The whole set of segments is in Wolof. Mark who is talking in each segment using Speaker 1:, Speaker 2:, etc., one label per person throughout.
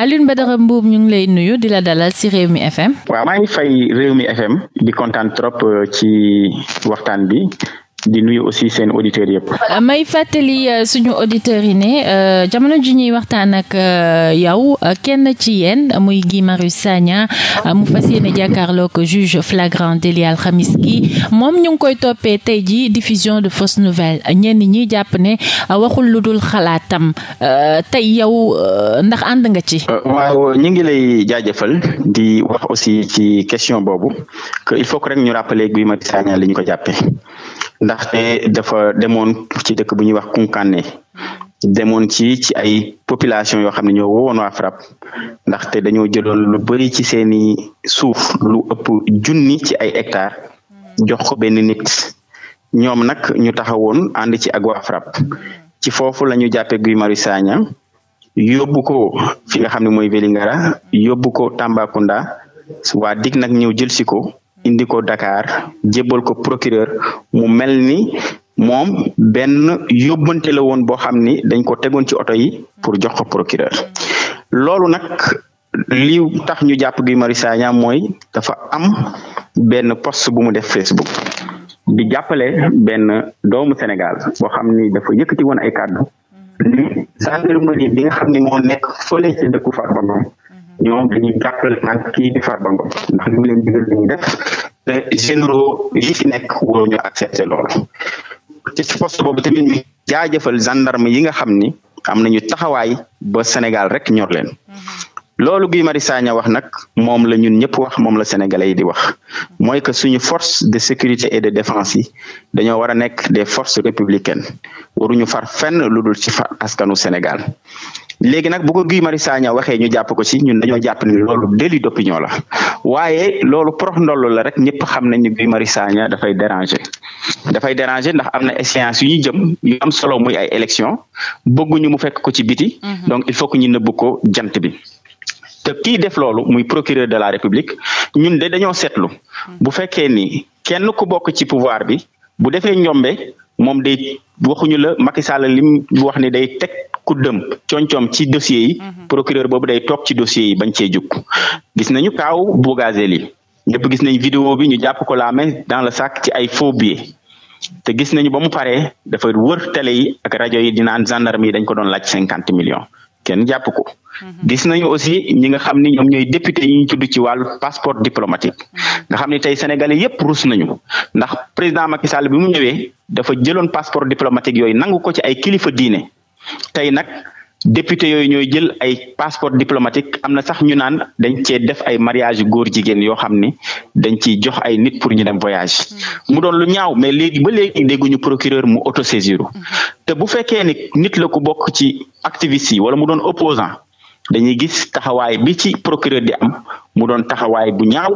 Speaker 1: Alioune Badara Mbuub ñu ngi lay nuyu di la dalal ci mi FM.
Speaker 2: waaw maa ngi fay mi FM di kontaan trop euh, ci waxtaan bi. di nuyu aussi seen auditeurs yëpp.
Speaker 1: voilà may fàttali euh, suñu auditeurs yi ne euh, jamono ji ñuy waxtaan ak euh, yow kenn ci yéen muy Guy Marius Sagna mu fas yéene jàkkaarloog juge flagrant délit alxamis gi moom ñu ngi koy toppee tey ji diffusion de fausses nouvelles ñenn ñi jàpp ne waxul lu dul xalaatam tey yow ndax ànd nga ci.
Speaker 2: waaw ñu ngi lay jaajëfal di wax aussi ci question boobu il faut que rek ñu rappeler Guy Marius Sagna li ñu ko jàppee. ndaxte dafa demoon ci dëkk bu ñuy wax Kunkande demoon ci ci ay population yoo xam ne ñoo woon waa FRAPP ndaxte dañoo jëloon lu bëri ci seeni suuf lu ëpp junni ci ay hectares jox ko benn nit ñoom nag ñu taxawoon ànd ci ak waa FRAPP ci foofu la ñu jàppee Guy Marius Sagna yóbbu ko fi nga xam ne mooy Vélingara yóbbu ko Tambacounda waa digg nag ñëw jël si ko indi ko Dakar jébal ko procureur mu mel ni moom benn yóbbante la woon boo xam ni dañ ko tegoon ci oto yi pour jox ko procureur loolu nag li tax ñu jàpp Guy Marius Sagna mooy dafa am benn post bu mu def Facebook di jàppale benn doomu Sénégal boo xam ni dafa yëkkati woon ay kàddu mm-hmm. ni gendarmerie bi nekk fële ci dëkku Farba ñoom dañuy jàppale nag kii di Farba Ngom ndax li mu leen digal dañuy def te généraux yi fi nekk waruñu accepté loolu ci ci poste boobu tamit ñu jaajëfal gendarme yi nga xam ni am nañu taxawaay ba Sénégal rek ñor leen mm-hmm. loolu Guy Marius Sagna wax nag moom la ñun ñëpp wax moom la sénégalais yi di wax mooy que suñu force de sécurité et de défense yi dañoo war a nekk des forces républicaines waruñu far fenn lu dul ci fa askanu Sénégal léegi nag bu ko Guy Marius Sagna waxee ñu jàpp ko ci ñun dañoo jàpp ni loolu délit d'opinion la waaye loolu prof ndoll la rek ñëpp xam nañ ni Guy Marius Sagna dafay déranger dafay déranger ndax am na échéance yu jëm yu am solo muy ay élection bëgguñu mu fekk ko ci biti mhm. donc il faut que ñu nëbb ko jant bi te kii def loolu muy procureur de la république ñun de dañoo seetlu mhm. bu fekkee ni kenn ku bokk ci pouvoir bi bu defee njombe moom day waxuñu la Macky Sall lim wax ne day teg ku dëm coom-coom ci dossiers yi. Mhm. procureur boobu day toog ci dossiers yi bañ cee jug gis nañu kaaw Bougazelli ñëpp gis nañ vidéo bi ñu jàpp ko la main dans le sac ci ay faux billets te gis nañu ba mu paree dafa wër télé yi ak rajo yi dinaan gendarme yi dañ ko doon laaj cinquante millions kenn jàpp ko mm-hmm. gis nañu aussi ñi nga xam ni ñoom ñooy député yi ñu tudd ci wàllu passeport diplomatique mm-hmm. nga xam ni tey sénégalais yépp rus nañu ndax président Macky Sall bi mu ñëwee dafa jëloon passeport diplomatique yooyu nangu ko ci ay kilifa diine tey nag député yooyu ñooy jël ay passeport diplomatique am na sax ñu naan dañ cee def ay mariage góor jigéen yoo xam ni dañ ciy jox ay nit pour ñu dem voyage mm-hmm. mu doon lu ñaaw mais léegi ba léegi dégguñu procureur mu autosaisiru mm-hmm. te bu fekkee ni nit la ku bokk ci activiste yi wala mu doon opposant dañuy gis taxawaay bi ci procureur di am mu doon taxawaay bu ñaaw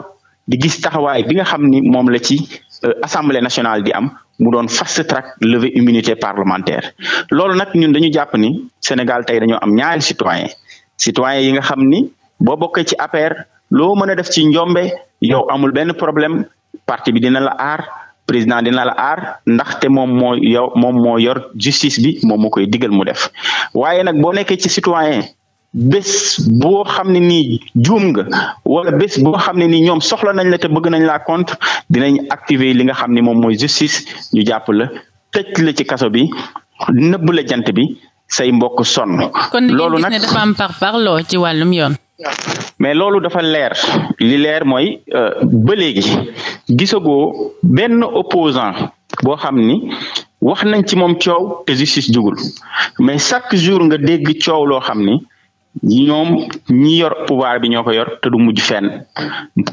Speaker 2: di gis taxawaay bi nga xam ni moom la ci euh, assemblée nationale di am mu doon fast track lever immunité parlementaire loolu nag ñun dañu jàpp ni Sénégal tey dañoo am ñaari citoyen citoyen yi nga xam ni boo bokkee ci APR loo mën a def ci njombe yow amul benn problème parti bi dina la aar président dina la aar ndaxte moom moo yow moom moo yor justice bi moom moo koy digal mu def waaye nag boo nekkee ci citoyen bés bo xam ne nii juum nga wala bés boo xam ne nii ñoom soxla nañ la te bëgg nañ laa compte dinañ activer li nga xam ni moom mooy justice ñu jàpp la tëj la ci kaso bi nëbb la jant bi say mbokk sonn. loolu nag kon dafa
Speaker 1: am par parloo ci wàllum yoon.
Speaker 2: mais loolu dafa leer li leer mooy euh, ba léegi gisagoo benn opposant boo xam ni wax nañ ci moom coow te justice jugul mais chaque jour nga dégg coow loo xam ni. ñoom ñi yor pouvoir bi ñoo ko yor te du mujj fenn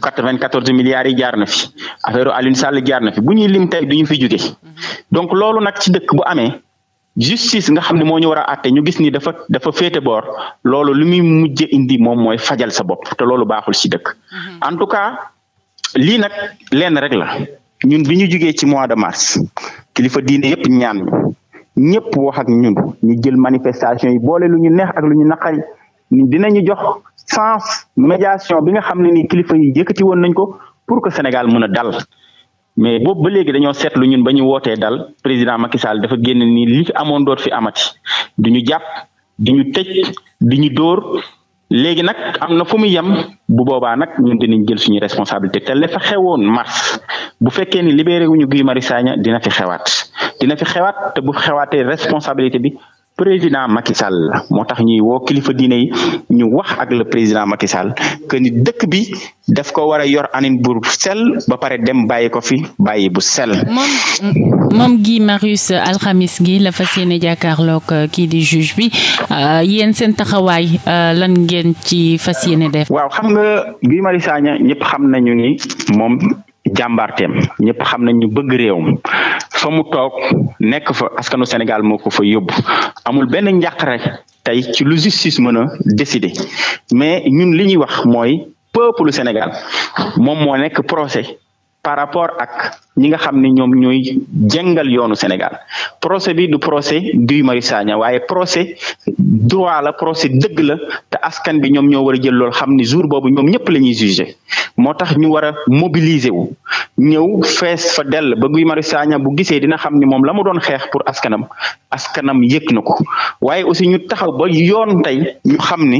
Speaker 2: quatre-vingt-quatorze jaar na fi affaire Alioune Sall jaar na fi bu ñuy lim tey du ñu fi jóge donc loolu nag ci dëkk bu amee justice nga xam ne moo ñu war ate ñu gis ni dafa dafa féete boor loolu li muy mujj indi moom mooy fajal sa bopp te loolu baaxul ci dëkk mhm. en tout cas lii nag lenn rek la ñun bi ñu jógee ci mois de mars kilifa diine yépp ñaan ñëpp wax ñun ñu jël manifestation yi boole lu ñu neex ak lu ñu naqari ñu jox sens médiation bi nga xam ne ni kilifa yi yëkkati woon nañ ko pour que Sénégal mën a dal mais boobu ba léegi dañoo seetlu ñun ba ñu wootee dal président Macky Sall dafa génn ni li fi amoon doot fi amati du ñu jàpp du ñu tëj di ñu dóor léegi nag am na fu muy yem bu boobaa nag ñun dinañ jël suñu responsabilité te la fa xewoon mars bu fekkee ni libéré wuñu Guy Marius Sagna dina fi xewaat dina fi xewaat te bu xewaatee responsabilité bi président Macky Sall la moo tax ñuy woo kilifa diine yi ñu wax ak le président Macky Sall ni dëkk bi daf ko war a yor anin bu sel ba pare dem bàyyi ko fi bàyyi bu sel.
Speaker 1: moom gi Guy Marius alxamis gi la fas yéene jàkkaarloog euh, kii di juge bi euh, yéen seen taxawaay euh, lan ngeen ci fa yéene def. waaw
Speaker 2: xam nga Guy Marius Sagna xam nañu ni moom jàmbaarteem ñëpp xam nañ ñu bëgg réewam fa mu toog nekk fa askanu Sénégal moo ko fa yóbbu amul benn rek tey ci lu justice mën a décider mais ñun li ñuy wax mooy peuple Sénégal moom moo nekk procès par rapport ak ñi nga xam ne ñoom ñooy jàngal yoonu Sénégal procès bi du procès Guy Marius Sagna waaye procès droit la procès dëgg la te askan bi ñoom ñoo war a jël loolu xam ni jour boobu ñoom ñëpp la ñuy jugé moo tax ñu war a mobiliser wu ñëw fees fa dell ba Guy Marius Sagna bu gisee dina xam ni moom la mu doon xeex pour askanam askanam yëg na ko waaye aussi ñu taxaw ba yoon tey ñu xam ni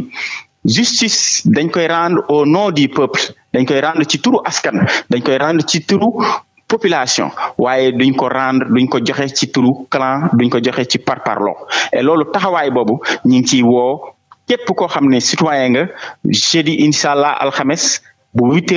Speaker 2: justice dañ koy rendre au nom du peuple dañ koy rendre ci turu askan dañ koy rendre ci turu population waaye duñ ko rendre duñ ko joxe ci turu clan duñ ko joxe ci par parloo loolu taxawaay boobu ñu ngi ciy woo képp koo xam ne citoyen nga jeudi incha allah alxames bu huit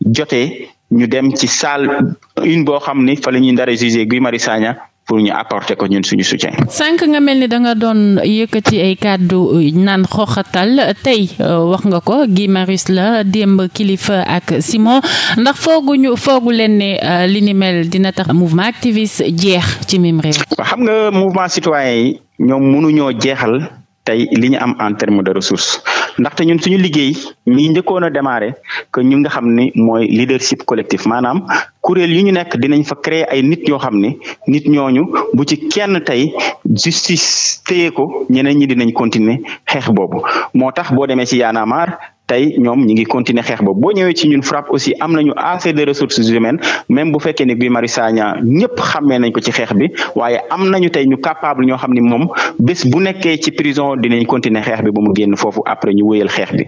Speaker 2: jote ñu dem ci salle une boo xam ni fa la ñuy ndara jugé Guy mari Sagna pour ñu apporter ko ñun suñu soutien.
Speaker 1: sànq nga mel ni da nga doon yëkkati ay kàddu naan xoxatal tey euh, wax nga ko Guy Marius la démb kilifa ak Simon ndax fooguñu foogu leen ne euh, li ni mel dina tax mouvement activiste jeex ci mim réew. xam
Speaker 2: nga mouvement citoyen yi ñoom mënuñoo jeexal tey li ñu am en terme de ressources. ndaxte ñun suñu liggéey mi njëkkoon a démarré ñu nga xam ni mooy leadership collectif maanaam kuréel yi ñu nekk dinañ fa créer ay nit yoo xam ne nit ñooñu bu ci kenn tey justice téye ko ñeneen ñi dinañ continuer xeex boobu moo tax boo demee ci Y'en a marre tey ñoom ñi ngi continuer xeex ba boo ñëwee ci ñun FRAPP aussi am nañu assez de ressources humaines même bu fekkee ne Guy Marius Sagna ñëpp xammee nañ ko ci xeex bi waaye am nañu tey ñu capable ñoo xam ni moom bés bu nekkee ci prison dinañ continuer xeex bi ba mu génn foofu après ñu wéyal xeex bi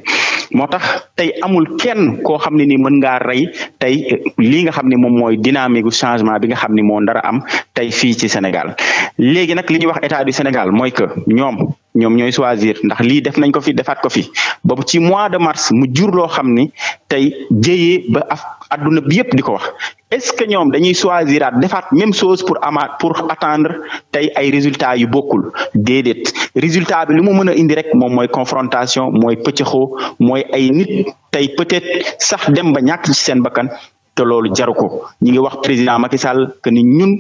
Speaker 2: moo tax tey amul kenn koo xam ne ni mën rey tey lii xam ne moom mooy dynamique gu changement bi nga xam ni moo dara am tey fii ci Sénégal léegi nag li ñuy wax état du Sénégal mooy que ñoom ñoom ñooy choisir ndax lii def nañ ko fi defaat ko fi ba ci mois de mars mu jur loo xam ni tey jëyee ba af adduna bi yëpp di ko wax est-ce que ñoom dañuy choisiraat defaat même sos pour amaat pour attendre tey ay résultat yu bokkul déedéet résultat bi li mu mën a indi rek moom mooy confrontation mooy pëccëxoo mooy ay nit tey peut-être sax dem ba ñàkk ci seen bakkan te loolu jaru ko ñi ngi wax président Macky Sall que ni ñun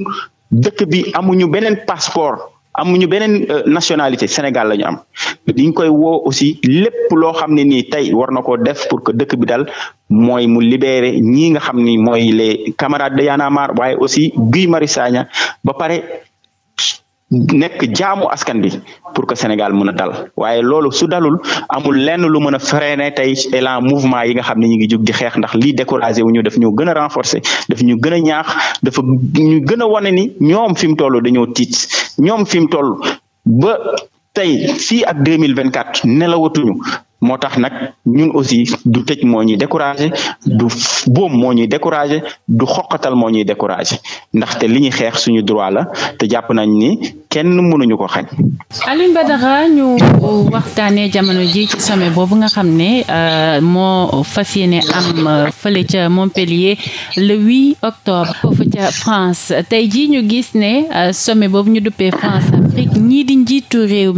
Speaker 2: dëkk bi amuñu beneen passeport amuñu beneen euh, nationalité Sénégal la am diñ koy woo aussi lépp loo xam ne nii tey war na koo def pour que dëkk bi dal mooy mu libéré ñii nga xam ni mooy les camarades de Y'en a marre aussi Guy Marius Sagna ba pare nekk jaamu askan bi pour que Sénégal mën a dal waaye loolu su dalul amul lenn lu mën a freiné tey élan mouvement yi nga xam ne ñu ngi jug di xeex ndax lii découragé wu ñu daf ñu gën a renforcer dafa ñu gën a ñaax dafa ñu gën a wane ni ñoom fi mu toll dañoo tiit ñoom fi mu toll ba tey fii ak deux mille vingt quatre nelawatuñu moo tax nag ñun aussi du tëj moo ñuy découragé du moo ñuy découragé du xoqatal moo ñuy découragé ndaxte li ñuy xeex suñu droit la te jàpp nañ ni kenn mënuñu ko xañ.
Speaker 1: Alioune Badara waxtaanee jamono ji ci sommet boobu nga xam ne euh, moo fas yéene am euh, fële ca Montpellier le 8 octobre foofu ca France tey jii ñu gis ne euh, sommet boobu ñu duppee France Afrique ñii di njiitu réew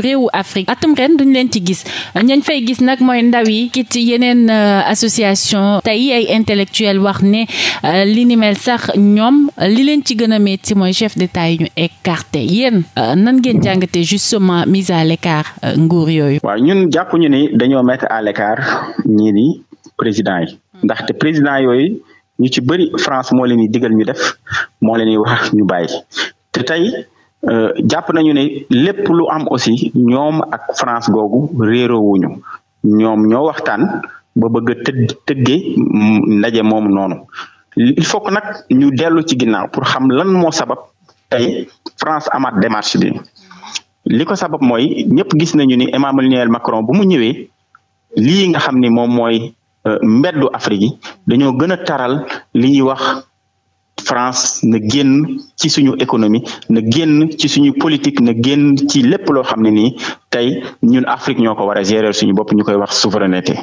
Speaker 1: réewu Afrique atum ren duñ leen ci gis. ñañ fay gis nag mooy ndaw yi kit yeneen euh, association tey ay intellectuel wax ne euh, li ni sax ñoom li leen ci gën a metti mooy chef d'état yi ñu écarté yéen euh, nan ngeen jàngate justement mise à l'écart nguur yooyu waaw ñun
Speaker 2: jàpp ñu ni dañoo mettre à l'écart ñii ni président yi ndaxte président yooyu ñu ci bëri France moo leen di digal ñu def moo leen yi wax ñu bàyyi te tey Euh, jàpp nañu ne lépp lu am aussi ñoom ak France googu réeroowuñu ñoom ñoo waxtaan ba bëgg a tëgg tëggee ndaje moomu noonu il faut nag ñu dellu ci ginnaaw pour xam lan moo sabab tey France amat démarche bi li ko sabab mooy ñëpp gis nañu ni Emmanuel Macron bu mu ñëwee lii nga xam ni moom mooy euh, mbeddu Afrique yi dañoo gën taral li wax France na génn ci suñu économie na génn ci suñu politique na génn ci lépp loo xam ne nii tey ñun Afrique ñoo ko war a gérer suñu bopp ñu koy wax souveraineté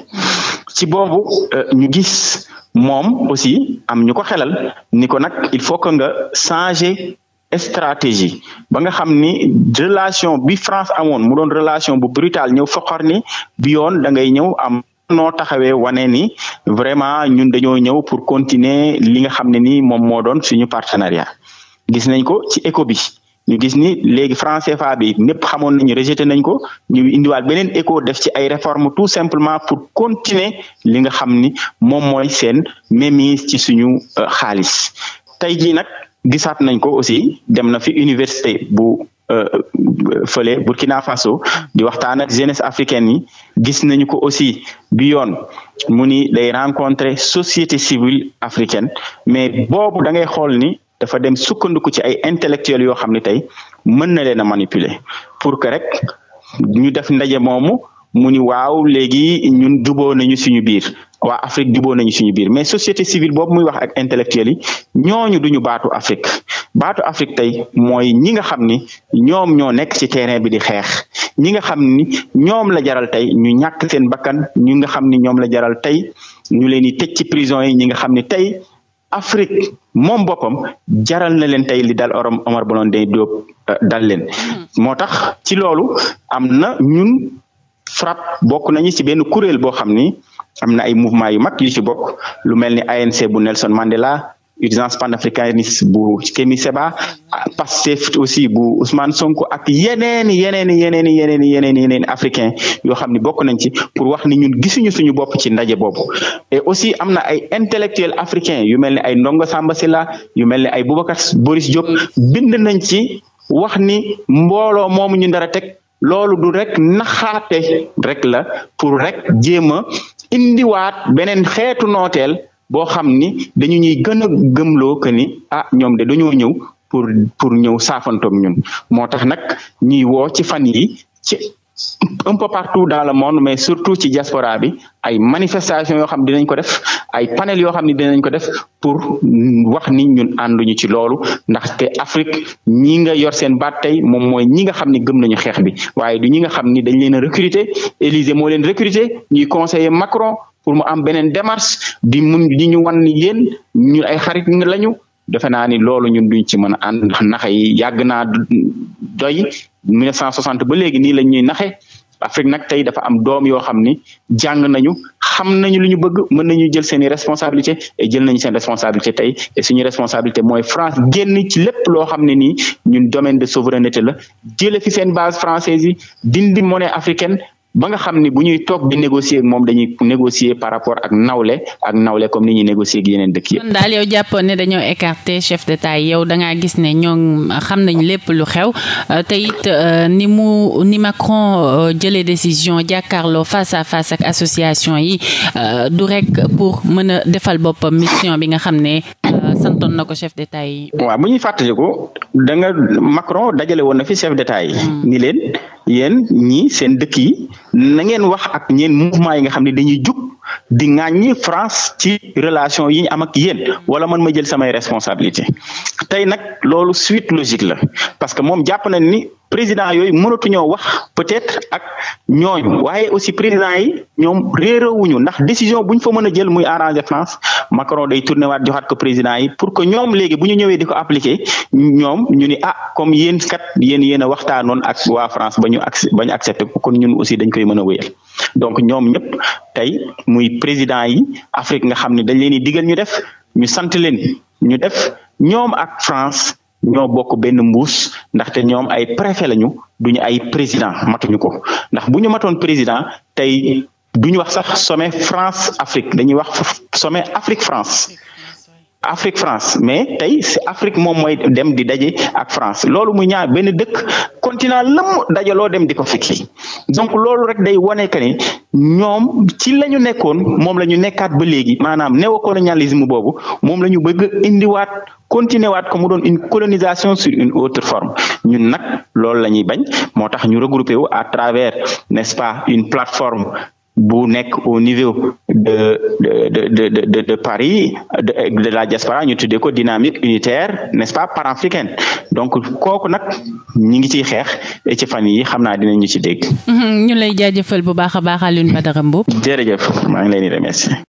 Speaker 2: ci boobu euh, ñu gis moom aussi am ñu ko xelal ni ko nag il faut que nga changer stratégie ba nga xam ni relation bi France amoon mu doon relation bu brutale ñëw foqar ni bi yoon ñëw noo taxawee wane ni vraiment ñun dañoo ñëw pour continuer li nga xam ne ni moom moo doon suñu partenariat gis nañ ko ci éco bi ñu gis ni léegi franc CFA bi ñëpp xamoon nañu rejeté nañ ko ñu indiwaat beneen éco def ci ay réformes tout simplement pour continuer li nga xam ni moom mooy seen mémise ci suñu euh, xaalis tey jii nag gisaat nañ ko aussi dem na fi université bu Euh, fële Burkina Faso di waxtaan ak jeunesse africaine yi gis nañu ko aussi bi yoon mu ni day rencontrer société civile africaine mais boobu da ngay xool ni dafa dem sukkandiku ci ay intellectuels yoo xam ne tey mën na leen a manipuler pour que rek ñu def ndaje moomu mu ni waaw léegi ñun juboo nañu suñu biir waa Afrique juboo nañu suñu biir mais société civile boobu muy wax ak intellectuels yi ñooñu duñu baatu Afrique baatu Afrique tey mooy ñi nga xam ni ñoom ñoo nekk ci terrain bi di xeex ñi nga xam ni ñoom la jaral tey ñu ñàkk seen bakkan ñu nga xam ni ñoom la jaral tey ñu leen di tëj ci prison yi ñi nga xam ni tey Afrique moom boppam jaral na leen tey li dal orom Omar Blondin Diop euh, dal leen mm-hmm. moo tax ci loolu am na ñun FRAPP bokk nañu ci benn kuréel boo xam ni am na ay mouvement yu mag yu ci bokk lu mel ni ANC bu Nelson Mandela urgence panafricaniste bu Kémi Seba Pastef aussi bu Ousmane Sonko ak yeneen yeneen yeneen yeneen yeneen yeneen africain yoo xam ni bokk nañ ci pour wax ni ñun gisuñu suñu bopp ci ndaje boobu et aussi am na ay intellectuels africains yu mel ne ay Ndongo Samba Sylla yu mel ne ay Boubacar Boris Diop bind nañ ci wax ni mbooloo moomu ñu dara teg loolu du rek naxaate rek la pour rek jéem a indiwaat beneen xeetu nooteel boo xam ni dañu ñuy gën a gëmloo que ni ah ñoom de dañoo ñëw pour pour ñëw saafantoog ñun moo tax nag ñuy woo ci fan yi ci un peu partout dans le monde mais surtout ci diaspora ay manifestation yoo xam dinañ ko def ay panel yoo xam ne dinañ ko def pour wax ni ñun ànduñu ci loolu ndaxte Afrique ñii nga yor seen baat tey moom mooy ñi nga xam ni gëm nañu xeex bi waaye du ñi nga xam ni dañ leen a recruter Élysée moo leen recruter ñuy conseiller Macron pour mu am beneen démarche di mun di ñu wan ni yéen ñun ay xarit lañu defe naa ni loolu ñun duñ ci mën a ànd nax yi 1960 ba léegi nii lañ ñuy naxe Afrique nag tey dafa am doom yoo xam ni jàng nañu xam nañu li ñu bëgg mën nañu jël seen i responsabilité jël nañu seen responsabilité tey et suñu responsabilité mooy France génn ci lépp loo xam ne nii ñun domaine de souveraineté la jële fi seen base française yi dindi monnaie africaine ba nga xam ni bu ñuy toog di négocier moom dañuy négocier par rapport ak nawle ak nawle comme ni ñu négocier ak yeneen dëkk yi.
Speaker 1: kon daal yow jàppoon ne dañoo écarter chef d'État yow da ngaa gis ne ñoom xam nañ lépp lu xew euh, te it euh, ni mu ni Macron euh, jëlee décision jàkkaarloo face à face ak association yi du rek pour mën a defal boppam mission bi nga xam ne santoon na ko chef d'État yi.
Speaker 2: waaw bu ñuy fàttaliku danga nga Macron dajale woon na fi chef d'état yi. Mm. ni leen yéen ñii seen dëkk yi na ngeen wax ak ñeen mouvement yi nga xam ne dañuy jug di ŋàññi France ci relation yi ñu am ak yéen wala man ma jël samay responsabilité tey nag loolu suite logique la parce que moom jàpp nañ ni président yooyu mënatuñoo wax peut-être ak ñooñu waaye aussi président yi ñoom réerewuñu ndax décision bu ñu fa mën a jël muy arranger France Macron day tourné waat joxaat ko président yi pour que ñoom léegi bu ñëwee di ko appliquer ñoom ñu ni ah comme yéen kat yéen yéen a waxtaanoon ak waa France ba ñu ac ba ñu accepté ko kon aussi dañ koy mën a donc ñoom ñëpp tey muy président yi Afrique nga xam ne dañ leen di digal ñu def ñu sant leen ñu def ñoom ak France ñoo bokk benn mbuus ndaxte ñoom ay préfet lañu duñ ay président matuñu ko ndax bu matoon président tey duñu wax sax sommet France Afrique dañuy wax sommet Afrique France Afrique France mais tey si Afrique moom mooy dem di daje ak France loolu muy ñaar benn dëkk continent lam dajaloo dem di ko fekki donc loolu rek day wane que ni ñoom ci la ñu nekkoon moom la ñu nekkaat ba léegi maanaam néocolonialisme boobu moom la ñu bëgg indiwaat continuer waat ko mu doon une colonisation sur une autre forme ñun nag loolu la ñuy bañ moo tax ñu regroupé wu à travers n'est-ce une plateforme bu nekk au niveau de de de de de, de Paris de, de la diaspora ñu tuddee ko dynamique unitaire n'est-ce pas panafricaine donc kooku nag ñi ngi ciy xeex ci fan yi xam naa dinañu ci dégg.
Speaker 1: Mhm, ñu lay jaajëfal bu baax a baax Alioune Badara Mboup.
Speaker 2: jërëjëf maa ngi leen di